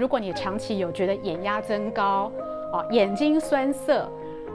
如果你長期有覺得眼壓增高，啊、哦，眼睛酸澀，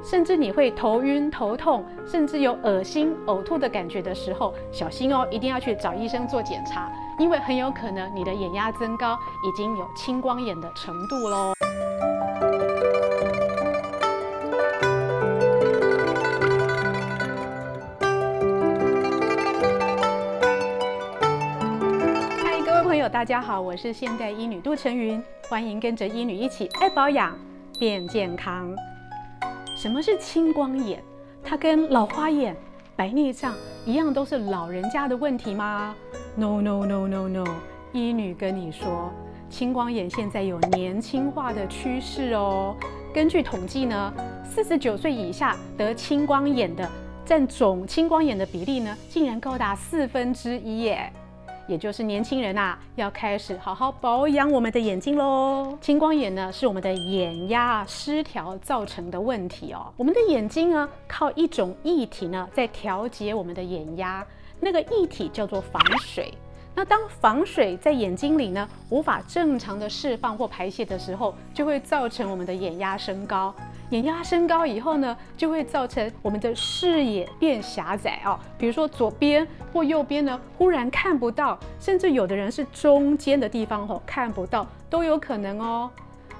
甚至你會頭暈頭痛，甚至有噁心嘔吐的感覺的時候，小心哦，一定要去找醫生做檢查，因為很有可能你的眼壓增高已經有青光眼的程度嘍。大家好，我是現代醫女杜晨雲，歡迎跟着醫女一起愛保養變健康。什麼是青光眼？它跟老花眼、白內障一樣都是老人家的問題嗎？No No No No No，醫女跟你說，青光眼現在有年輕化的趨勢哦。根據統計呢，四十九歲以下得青光眼的佔總青光眼的比例呢，竟然高達四分之一耶。也就是年輕人吶、啊，要開始好好保養我們的眼睛嘍。青光眼呢，是我們的眼壓失調造成的問題哦。我們的眼睛呢，靠一種液體呢，在調節我們的眼壓，那個液體叫做房水。那當房水在眼睛裡呢，無法正常的釋放或排泄的時候，就會造成我們的眼壓升高。眼壓升高以後呢，就會造成我們的視野變狹窄哦。比如說左邊或右邊呢，忽然看不到，甚至有的人是中間的地方哦，看不到都有可能哦。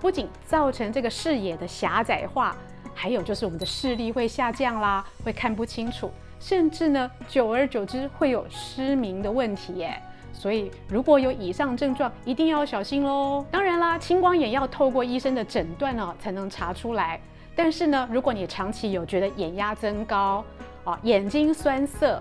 不僅造成這個視野的狹窄化，還有就是我們的視力會下降啦，會看不清楚，甚至呢，久而久之會有失明的問題耶。所以如果有以上症狀，一定要小心嘍。當然啦，青光眼要透過醫生的診斷哦，才能查出來。但是呢，如果你長期有覺得眼壓增高，啊、哦，眼睛酸澀，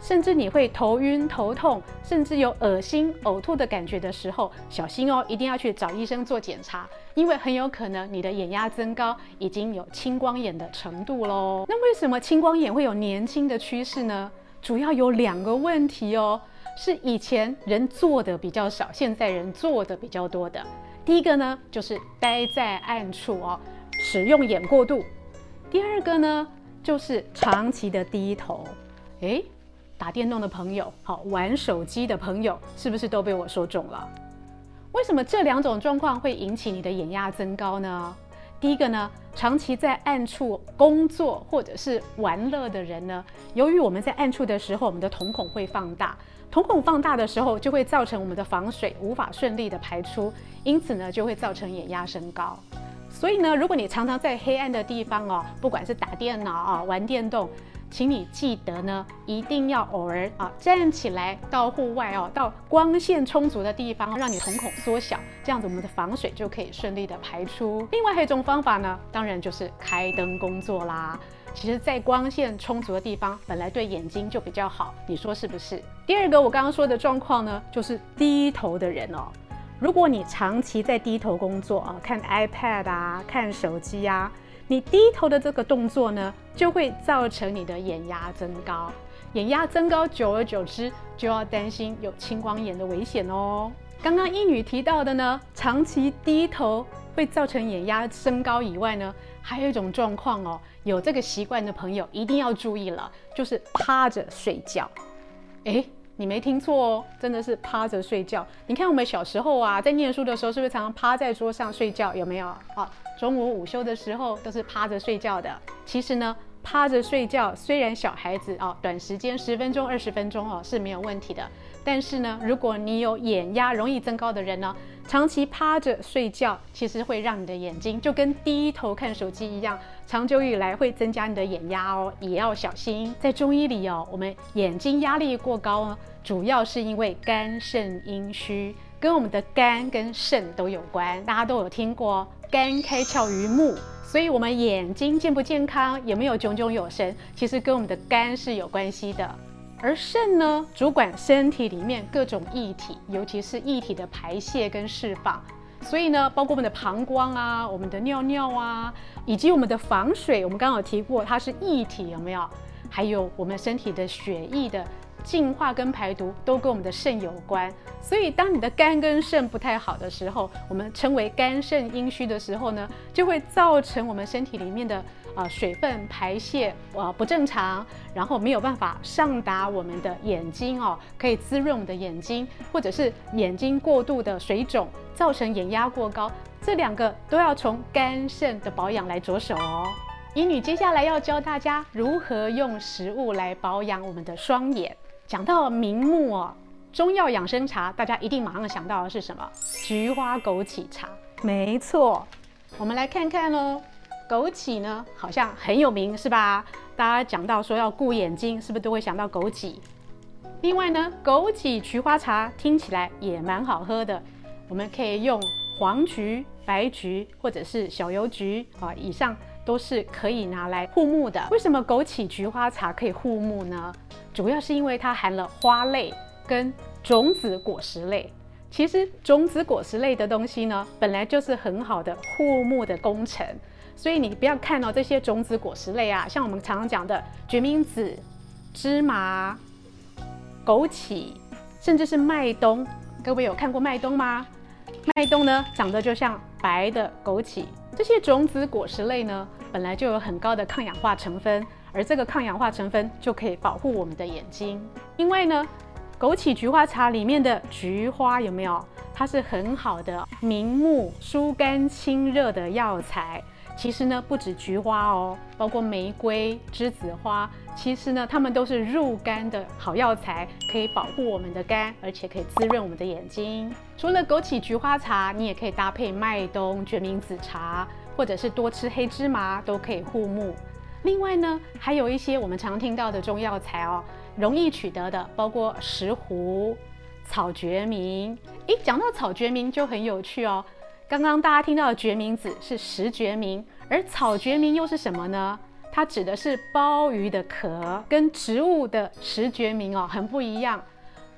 甚至你會頭暈、頭痛，甚至有噁心、嘔吐的感覺的時候，小心哦，一定要去找醫生做檢查，因為很有可能你的眼壓增高已經有青光眼的程度嘍。那為什麼青光眼會有年輕的趨勢呢？主要有兩個問題哦，是以前人做的比較少，現在人做的比較多的。第一個呢，就是待在暗處哦。使用眼過度，第二個呢，就是長期的低頭。誒，打電動的朋友，好玩手機的朋友，是不是都被我說中了？為什麼這兩種狀況會引起你的眼壓增高呢？第一個呢，長期在暗處工作或者是玩樂的人呢，由於我們在暗處的時候，我們的瞳孔會放大，瞳孔放大的時候就會造成我們的房水無法順利的排出，因此呢就會造成眼壓升高。所以呢，如果你常常在黑暗的地方哦，不管是打電腦啊、哦、玩電動，請你記得呢，一定要偶爾啊站起來到戶外哦，到光線充足的地方，讓你瞳孔縮小，這樣子我們的防水就可以順利的排出。另外還有一種方法呢，當然就是開燈工作啦。其實，在光線充足的地方，本來對眼睛就比較好，你說是不是？第二個我剛剛說的狀況呢，就是低頭的人哦。如果你長期在低頭工作啊，看 iPad 啊，看手機呀，啊，你低頭的這個動作呢，就會造成你的眼壓增高。眼壓增高，久而久之就要擔心有青光眼的危險哦。剛剛英語提到的呢，長期低頭會造成眼壓升高以外呢，還有一種狀況哦，有這個習慣的朋友一定要注意了，就是趴着睡覺。誒你沒聽錯哦，真的是趴着睡覺。你看我們小時候啊，在念書的時候，是不是常常趴在桌上睡覺？有沒有啊？中午午休的時候都是趴着睡覺的。其實呢，趴着睡覺雖然小孩子啊，短時間十分鐘、二十分鐘哦是沒有問題的，但是呢，如果你有眼壓容易增高的人呢？長期趴着睡覺，其實會讓你的眼睛就跟低頭看手機一樣，長久以來會增加你的眼壓哦，也要小心。在中醫裡哦，我們眼睛壓力過高哦，主要是因為肝腎陰虛，跟我們的肝跟腎都有關。大家都有聽過，肝開竅於目，所以我們眼睛健不健康，有沒有炯炯有神，其實跟我們的肝是有關係的。而腎呢，主管身體裡面各種液體，尤其是液體的排泄跟釋放。所以呢，包括我們的膀胱啊，我們的尿尿啊，以及我們的房水，我們剛剛有提過，它是液體，有沒有？還有我們身體的血液的。淨化跟排毒都跟我們的腎有關，所以當你的肝跟腎不太好的時候，我們稱為肝腎陰虛的時候呢，就會造成我們身體裡面的啊水分排泄啊不正常，然後沒有辦法上達我們的眼睛哦，可以滋潤我們的眼睛，或者是眼睛過度的水腫，造成眼壓過高，這兩個都要從肝腎的保養來着手哦。醫女接下來要教大家如何用食物來保養我們的雙眼。講到明目哦，中藥養生茶，大家一定馬上想到的是什麼？菊花枸杞茶。沒錯，我們來看看嘍。枸杞呢，好像很有名，是吧？大家講到說要顧眼睛，是不是都會想到枸杞？另外呢，枸杞菊花茶聽起來也蠻好喝的。我們可以用黃菊、白菊或者是小油菊啊，哦，以上都是可以拿來護目的。的為什麼枸杞菊花茶可以護目呢？主要是因為它含了花類跟種子果實類。其實種子果實類的東西呢，本來就是很好的護目的工程。所以你不要看到、哦、這些種子果實類啊，像我們常常講的決明子、芝麻、枸杞，甚至是麥冬。各位有看過麥冬嗎？麥冬呢，長得就像白的枸杞。這些種子果實類呢，本來就有很高的抗氧化成分。而這個抗氧化成分就可以保護我們的眼睛，另外呢，枸杞菊花茶裡面的菊花有沒有？它是很好的明目、疏肝清熱的藥材。其實呢，不止菊花哦，包括玫瑰、梔子花，其實呢，它們都是入肝的好藥材，可以保護我們的肝，而且可以滋潤我們的眼睛。除了枸杞菊花茶，你也可以搭配麥冬、決明子茶，或者是多吃黑芝麻，都可以護目。另外呢，還有一些我們常聽到的中藥材哦，容易取得的，包括石斛、草決明。哎，講到草決明就很有趣哦。剛剛大家聽到的決明子是石決明，而草決明又是什麼呢？它指的是鮑魚的殼，跟植物的石決明哦很不一樣。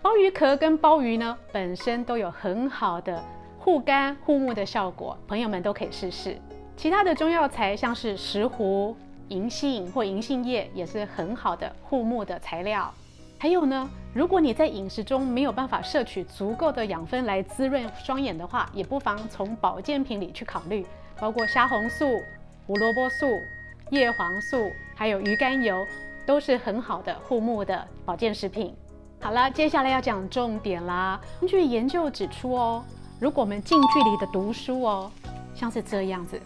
鮑魚殼跟鮑魚呢本身都有很好的護肝護目的效果，朋友們都可以試試。其他的中藥材像是石斛。銀杏或銀杏葉也是很好的護目的材料。還有呢，如果你在飲食中沒有辦法攝取足夠的養分來滋潤雙眼的話，也不妨從保健品裡去考慮，包括蝦紅素、胡蘿蔔素、葉黃素，還有魚肝油，都是很好的護目的保健食品。好了，接下來要講重點啦。根據研究指出哦，如果我們近距離的讀書哦，像是這樣子，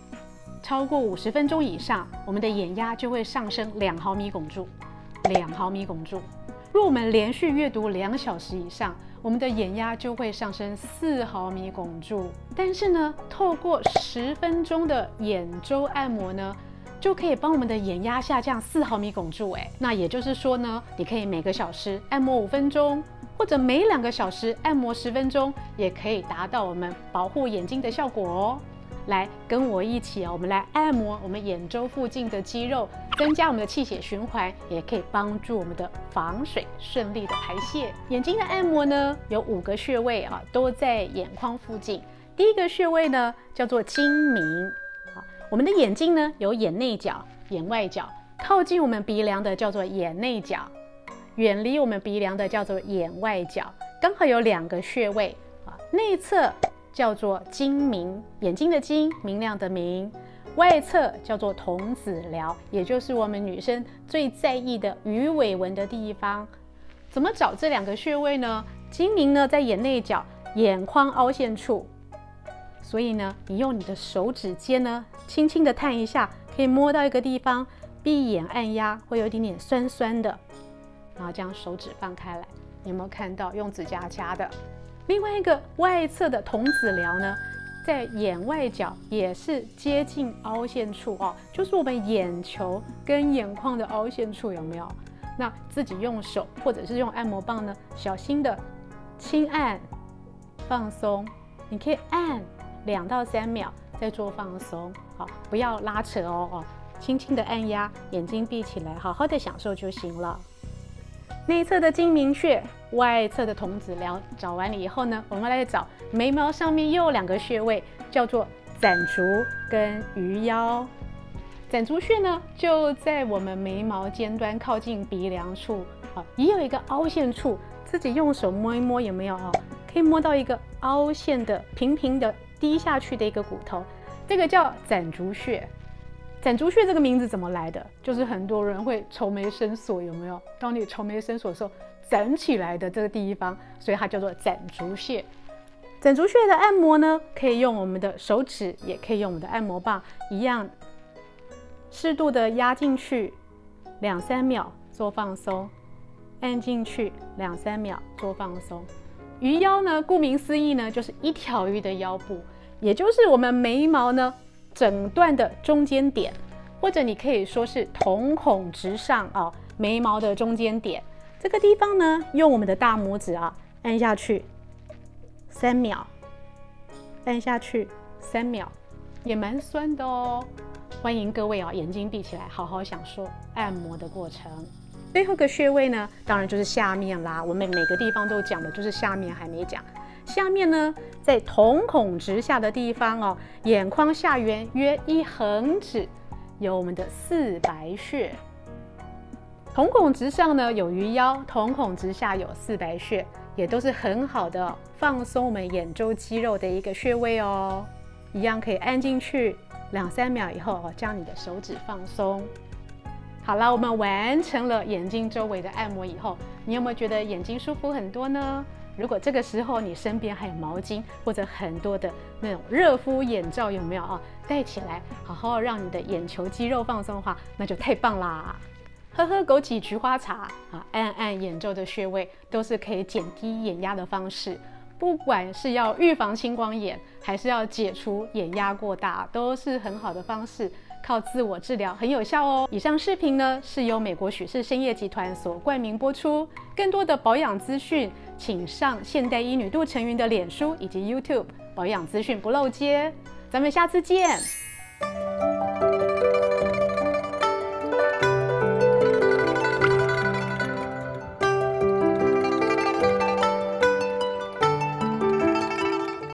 超過五十分鐘以上，我們的眼壓就會上升兩毫米汞柱。兩毫米汞柱。若我們連續閱讀兩小時以上，我們的眼壓就會上升四毫米汞柱。但是呢，透過十分鐘的眼周按摩呢，就可以幫我們的眼壓下降四毫米汞柱，欸。哎，那也就是說呢，你可以每個小時按摩五分鐘，或者每兩個小時按摩十分鐘，也可以達到我們保護眼睛的效果哦。來跟我一起啊，我們來按摩我們眼周附近的肌肉，增加我們的氣血循環，也可以幫助我們的房水順利的排泄。眼睛的按摩呢，有五個穴位啊，都在眼眶附近。第一個穴位呢叫做睛明。啊，我們的眼睛呢，有眼內角、眼外角，靠近我們鼻樑的叫做眼內角，遠離我們鼻樑的叫做眼外角，剛好有兩個穴位啊，內側。叫做睛明，眼睛的睛，明亮的明。外側叫做瞳子髎，也就是我們女生最在意的魚尾紋的地方。怎麼找這兩個穴位呢？睛明呢在眼內角，眼眶凹陷處。所以呢，你用你的手指尖呢，輕輕的探一下，可以摸到一個地方。閉眼按壓，會有一點點酸酸的。然後將手指放開來，你有沒有看到用指甲掐的？另外一個外側的瞳子髎呢，在眼外角也是接近凹陷處哦，就是我們眼球跟眼眶的凹陷處有沒有？那自己用手或者是用按摩棒呢，小心的輕按放鬆，你可以按兩到三秒再做放鬆，好，不要拉扯哦哦，輕輕的按壓，眼睛閉起來，好好的享受就行了。內側的睛明穴，外側的瞳子髎，找完了以後呢，我們來找眉毛上面又有兩個穴位，叫做攢竹跟魚腰。攢竹穴呢，就在我們眉毛尖端靠近鼻梁處啊、哦，也有一個凹陷處，自己用手摸一摸有沒有啊、哦?可以摸到一個凹陷的、平平的、低下去的一個骨頭，這個叫攢竹穴。攢竹穴這個名字怎麼來的？就是很多人會愁眉深鎖，有沒有？當你愁眉深鎖的時候，攢起來的這個地方，所以它叫做攢竹穴。攢竹穴的按摩呢，可以用我們的手指，也可以用我們的按摩棒，一樣適度的壓進去兩三秒做放鬆，按進去兩三秒做放鬆。魚腰呢，顧名思義呢，就是一條魚的腰部，也就是我們眉毛呢。整段的中間點，或者你可以說是瞳孔直上啊、哦，眉毛的中間點，這個地方呢，用我們的大拇指啊，按下去三秒，按下去三秒，也蠻痠的哦。歡迎各位啊、哦，眼睛閉起來，好好享受按摩的過程。最後一個穴位呢，當然就是下面啦。我們每個地方都講的，就是下面還沒講。下面呢，在瞳孔直下的地方哦，眼眶下緣約一橫指，有我們的四白穴。瞳孔直上呢，有魚腰，瞳孔直下有四白穴，也都是很好的放鬆我們眼周肌肉的一個穴位哦，一樣可以按進去兩三秒以後哦，將你的手指放鬆。好了，我們完成了眼睛周圍的按摩以後，你有沒有覺得眼睛舒服很多呢？如果這個時候你身邊還有毛巾或者很多的那種熱敷眼罩有沒有啊？戴起來，好好讓你的眼球肌肉放鬆的話，那就太棒啦！喝喝枸杞菊花茶啊，按按眼周的穴位，都是可以減低眼壓的方式。不管是要預防青光眼，還是要解除眼壓過大，都是很好的方式。靠自我治療很有效哦。以上視頻呢是由美國許氏參業集團所冠名播出，更多的保養資訊。請上現代醫女杜成雲的臉書以及 YouTube 保養資訊不漏接，咱們下次見。